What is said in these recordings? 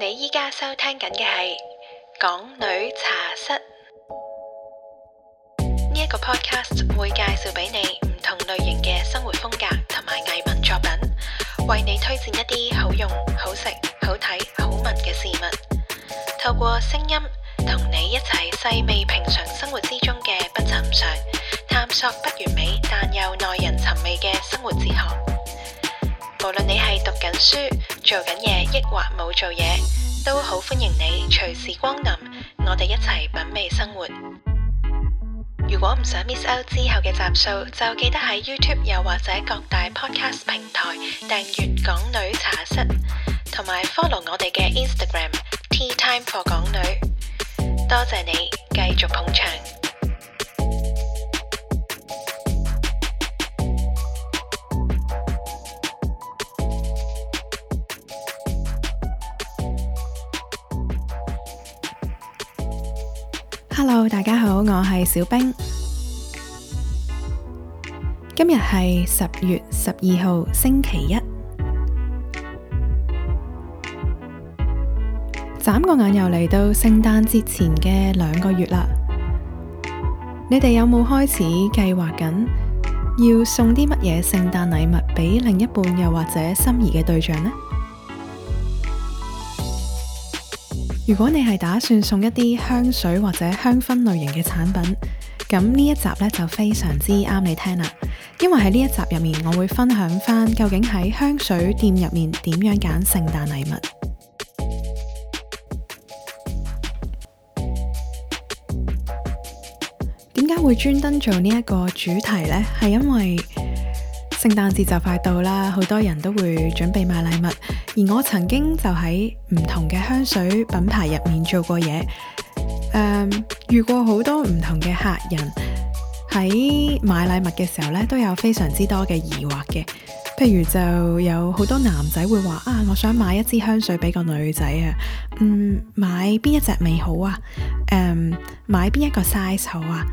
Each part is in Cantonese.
你依家收聽緊嘅係《港女茶室》，呢一個 podcast 會介紹俾你唔同類型嘅生活風格同埋藝文作品，為你推薦一啲好用、好食、好睇、好聞嘅事物，透過聲音同你一齊細味平常生活之中嘅不尋常，探索不完美但又耐人尋味嘅生活哲學。無論你係讀緊書、做緊嘢，抑或冇做嘢，都好歡迎你隨時光臨，我哋一齊品味生活。如果唔想 miss out 之後嘅集數，就記得喺 YouTube 又或者各大 podcast 平台訂閱《港女茶室》，同埋 follow 我哋嘅 Instagram, Tea Time for 港女。多謝你，繼續捧場！Hello，大家好，我係小冰。今日係十月十二號星期一，眨個眼又嚟到聖誕節前嘅兩個月啦。你哋有冇開始計劃緊要送啲乜嘢聖誕禮物俾另一半，又或者心儀嘅對象呢？如果你係打算送一啲香水或者香薰類型嘅產品，咁呢一集呢就非常之啱你聽啦，因為喺呢一集入面，我會分享翻究竟喺香水店入面點樣揀聖誕禮物。點解會專登做呢一個主題呢？係因為聖誕節就快到啦，好多人都會準備買禮物，而我曾經就喺唔同嘅香水品牌入面做過嘢，誒、嗯，遇過好多唔同嘅客人喺買禮物嘅時候呢，都有非常之多嘅疑惑嘅，譬如就有好多男仔會話啊，我想買一支香水俾個女仔、嗯、啊，嗯，買邊一隻味好啊，誒，買邊一個 size 好啊。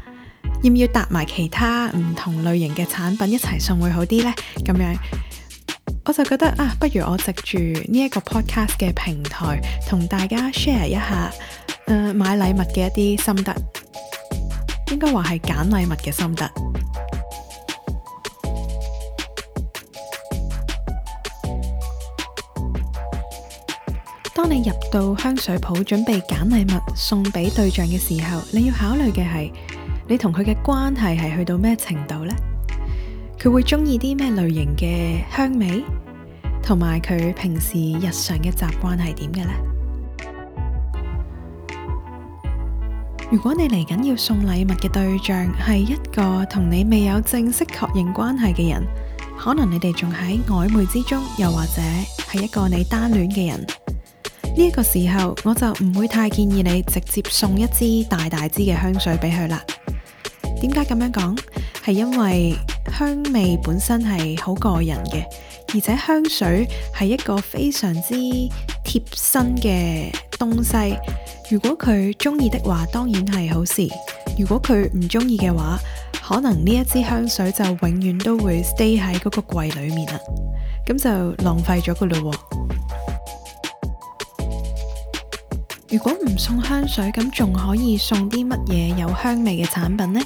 要唔要搭埋其他唔同類型嘅產品一齊送會好啲呢？咁樣，我就覺得啊，不如我藉住呢一個 podcast 嘅平台，同大家 share 一下，誒、呃，買禮物嘅一啲心得，應該話係揀禮物嘅心得。當你入到香水鋪準備揀禮物送俾對象嘅時候，你要考慮嘅係。你同佢嘅關係係去到咩程度呢？佢會中意啲咩類型嘅香味，同埋佢平時日常嘅習慣係點嘅呢？如果你嚟緊要送禮物嘅對象係一個同你未有正式確認關係嘅人，可能你哋仲喺曖昧之中，又或者係一個你單戀嘅人呢？呢個時候我就唔會太建議你直接送一支大大支嘅香水俾佢啦。點解咁樣講？係因為香味本身係好個人嘅，而且香水係一個非常之貼身嘅東西。如果佢中意的話，當然係好事；如果佢唔中意嘅話，可能呢一支香水就永遠都會 stay 喺嗰個櫃裏面啦。咁就浪費咗噶啦。如果唔送香水，咁仲可以送啲乜嘢有香味嘅產品呢？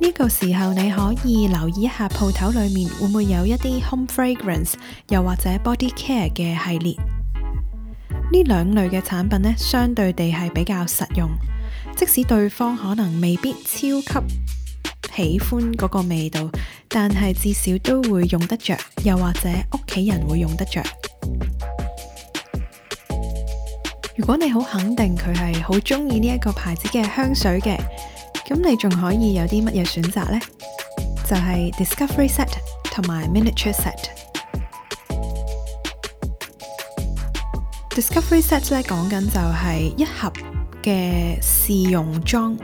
呢個時候你可以留意一下鋪頭裏面會唔會有一啲 home fragrance，又或者 body care 嘅系列。呢兩類嘅產品呢，相對地係比較實用，即使對方可能未必超級喜歡嗰個味道，但係至少都會用得着，又或者屋企人會用得着。如果你好肯定佢係好中意呢一個牌子嘅香水嘅。咁你仲可以有啲乜嘢選擇咧？就係 Discovery Set 同埋 Miniature Set。Discovery Set 咧，講緊就係一盒嘅試用裝，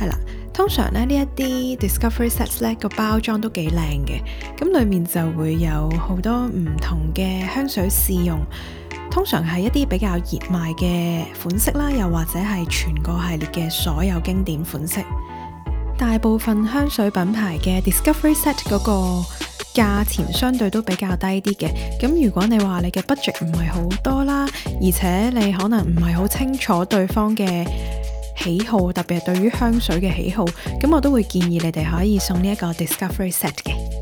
係啦。通常咧，呢一啲 Discovery Set 咧個包裝都幾靚嘅，咁裏面就會有好多唔同嘅香水試用。通常係一啲比較熱賣嘅款式啦，又或者係全個系列嘅所有經典款式。大部分香水品牌嘅 Discovery Set 嗰個價錢相對都比較低啲嘅。咁如果你話你嘅 budget 唔係好多啦，而且你可能唔係好清楚對方嘅喜好，特別係對於香水嘅喜好，咁我都會建議你哋可以送呢一個 Discovery Set 嘅。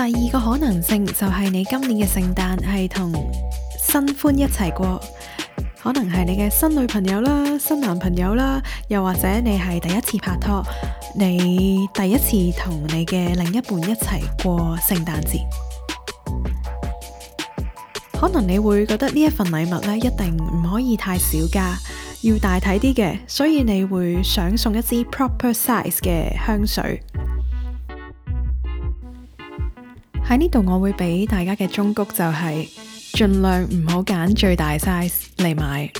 第二個可能性就係你今年嘅聖誕係同新歡一齊過，可能係你嘅新女朋友啦、新男朋友啦，又或者你係第一次拍拖，你第一次同你嘅另一半一齊過聖誕節，可能你會覺得呢一份禮物呢一定唔可以太少㗎，要大體啲嘅，所以你會想送一支 proper size 嘅香水。喺呢度我會俾大家嘅忠告就係，盡量唔好揀最大 size 嚟買。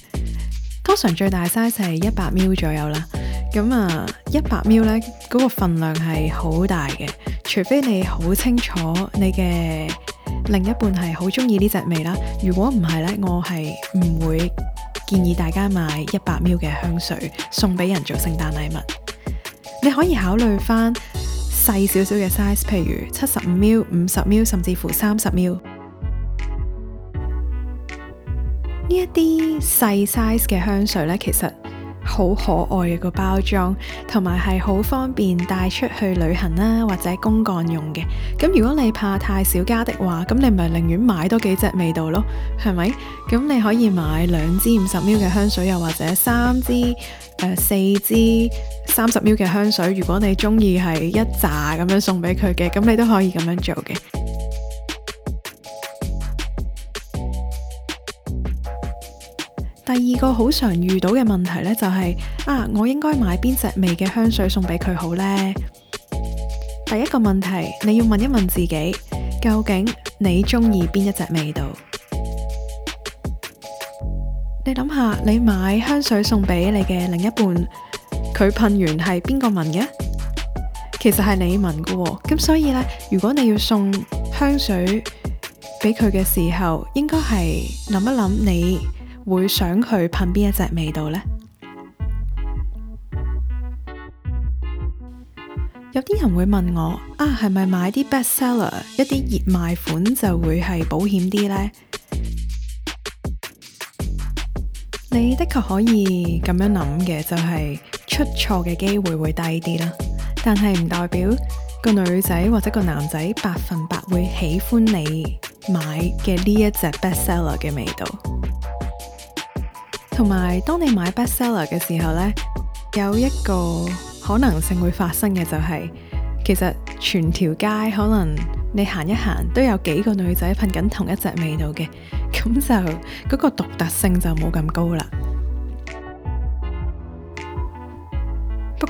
通常最大 size 係一百 ml 左右啦。咁啊，一百 ml 呢嗰個份量係好大嘅，除非你好清楚你嘅另一半係好中意呢隻味啦。如果唔係呢，我係唔會建議大家買一百 ml 嘅香水送俾人做聖誕禮物。你可以考慮翻。細少少嘅 size，譬如七十五 mL、五十 mL，甚至乎三十 mL。呢一啲細 size 嘅香水呢，其實好可愛嘅個包裝，同埋係好方便帶出去旅行啦，或者公幹用嘅。咁如果你怕太少加的話，咁你咪寧願買多幾隻味道咯，係咪？咁你可以買兩支五十 mL 嘅香水，又或者三支、誒四支。三十 ml 嘅香水，如果你中意係一扎咁樣送俾佢嘅，咁你都可以咁樣做嘅。第二個好常遇到嘅問題呢、就是，就係啊，我應該買邊隻味嘅香水送俾佢好呢？」第一個問題，你要問一問自己，究竟你中意邊一隻味道？你諗下，你買香水送俾你嘅另一半。佢噴完係邊個聞嘅？其實係你聞嘅喎，咁所以呢，如果你要送香水俾佢嘅時候，應該係諗一諗，你會想佢噴邊一隻味道呢？有啲人會問我啊，係咪買啲 bestseller 一啲 best 熱賣款就會係保險啲呢？」你的確可以咁樣諗嘅，就係、係。出錯嘅機會會低啲啦，但係唔代表個女仔或者個男仔百分百會喜歡你買嘅呢一隻 bestseller 嘅味道。同埋，當你買 bestseller 嘅時候呢，有一個可能性會發生嘅就係，其實全條街可能你行一行都有幾個女仔噴緊同一隻味道嘅，咁就嗰個獨特性就冇咁高啦。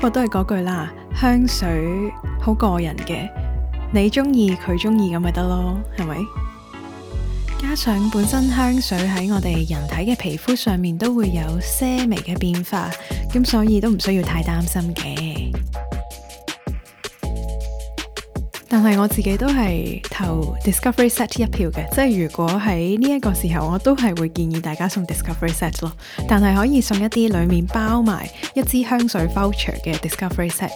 不過、哦、都係嗰句啦，香水好個人嘅，你中意佢中意咁咪得咯，係咪？加上本身香水喺我哋人體嘅皮膚上面都會有些微嘅變化，咁所以都唔需要太擔心嘅。但係我自己都係投 Discovery Set 一票嘅，即係如果喺呢一個時候，我都係會建議大家送 Discovery Set 咯。但係可以送一啲裏面包埋一支香水 voucher 嘅 Discovery Set，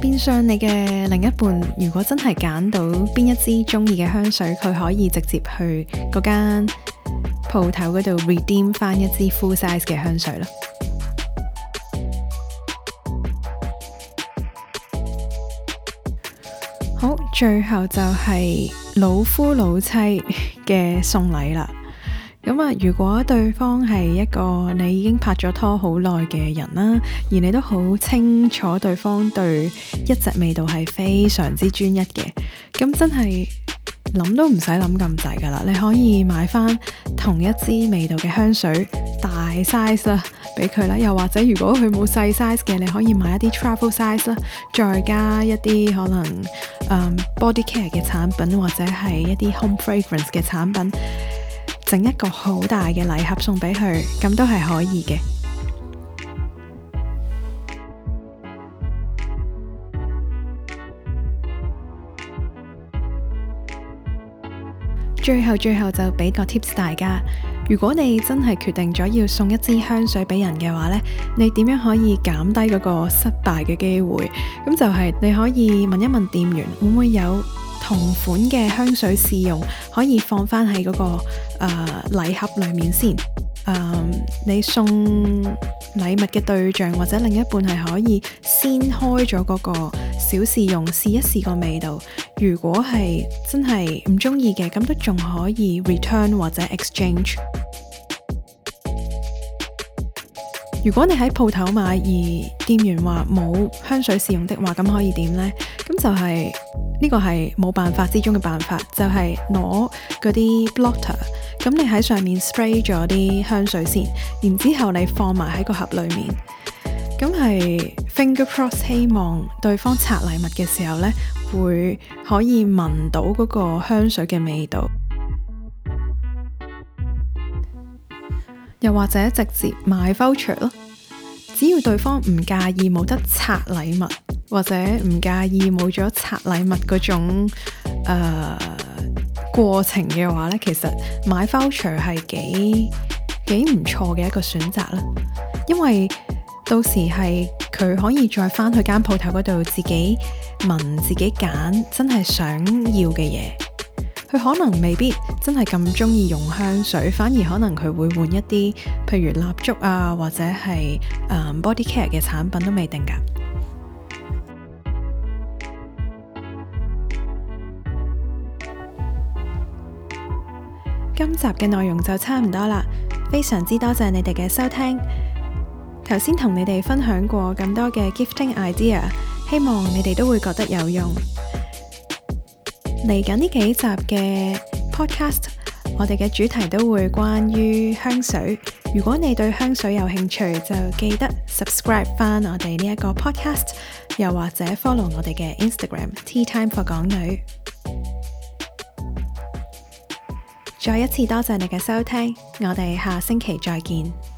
變相你嘅另一半如果真係揀到邊一支中意嘅香水，佢可以直接去嗰間鋪頭嗰度 redeem 翻一支 full size 嘅香水咯。最後就係老夫老妻嘅送禮啦。咁啊，如果對方係一個你已經拍咗拖好耐嘅人啦，而你都好清楚對方對一隻味道係非常之專一嘅，咁真係諗都唔使諗咁滯噶啦。你可以買翻同一支味道嘅香水，大 size 啦，俾佢啦。又或者，如果佢冇細 size 嘅，你可以買一啲 travel size 啦，再加一啲可能。Um, b o d y care 嘅產品或者係一啲 home fragrance 嘅產品，整一,一個好大嘅禮盒送俾佢，咁都係可以嘅。最後最後就俾個 tips 大家。如果你真係決定咗要送一支香水俾人嘅話呢，你點樣可以減低嗰個失敗嘅機會？咁就係你可以問一問店員會唔會有同款嘅香水試用，可以放翻喺嗰個誒禮、呃、盒裡面先。誒，um, 你送禮物嘅對象或者另一半係可以先開咗嗰個小試用試一試個味道，如果係真係唔中意嘅，咁都仲可以 return 或者 exchange。如果你喺鋪頭買而店員話冇香水試用的話，咁可以點呢？咁就係，呢個係冇辦法之中嘅辦法，就係攞嗰啲 blotter。咁你喺上面 spray 咗啲香水先，然之後你放埋喺個盒裏面，咁係 finger cross 希望對方拆禮物嘅時候呢，會可以聞到嗰個香水嘅味道。又或者直接買 voucher 咯，只要對方唔介意冇得拆禮物，或者唔介意冇咗拆禮物嗰種、呃過程嘅話呢，其實買 voucher、er、係幾幾唔錯嘅一個選擇啦，因為到時係佢可以再翻去間鋪頭嗰度自己聞，自己揀真係想要嘅嘢。佢可能未必真係咁中意用香水，反而可能佢會換一啲譬如蠟燭啊，或者係、um, body care 嘅產品都未定㗎。今集嘅內容就差唔多啦，非常之多謝你哋嘅收聽。頭先同你哋分享過咁多嘅 gifting idea，希望你哋都會覺得有用。嚟緊呢幾集嘅 podcast，我哋嘅主題都會關於香水。如果你對香水有興趣，就記得 subscribe 翻我哋呢一個 podcast，又或者 follow 我哋嘅 Instagram Tea Time For 港女。再一次多謝你嘅收聽，我哋下星期再見。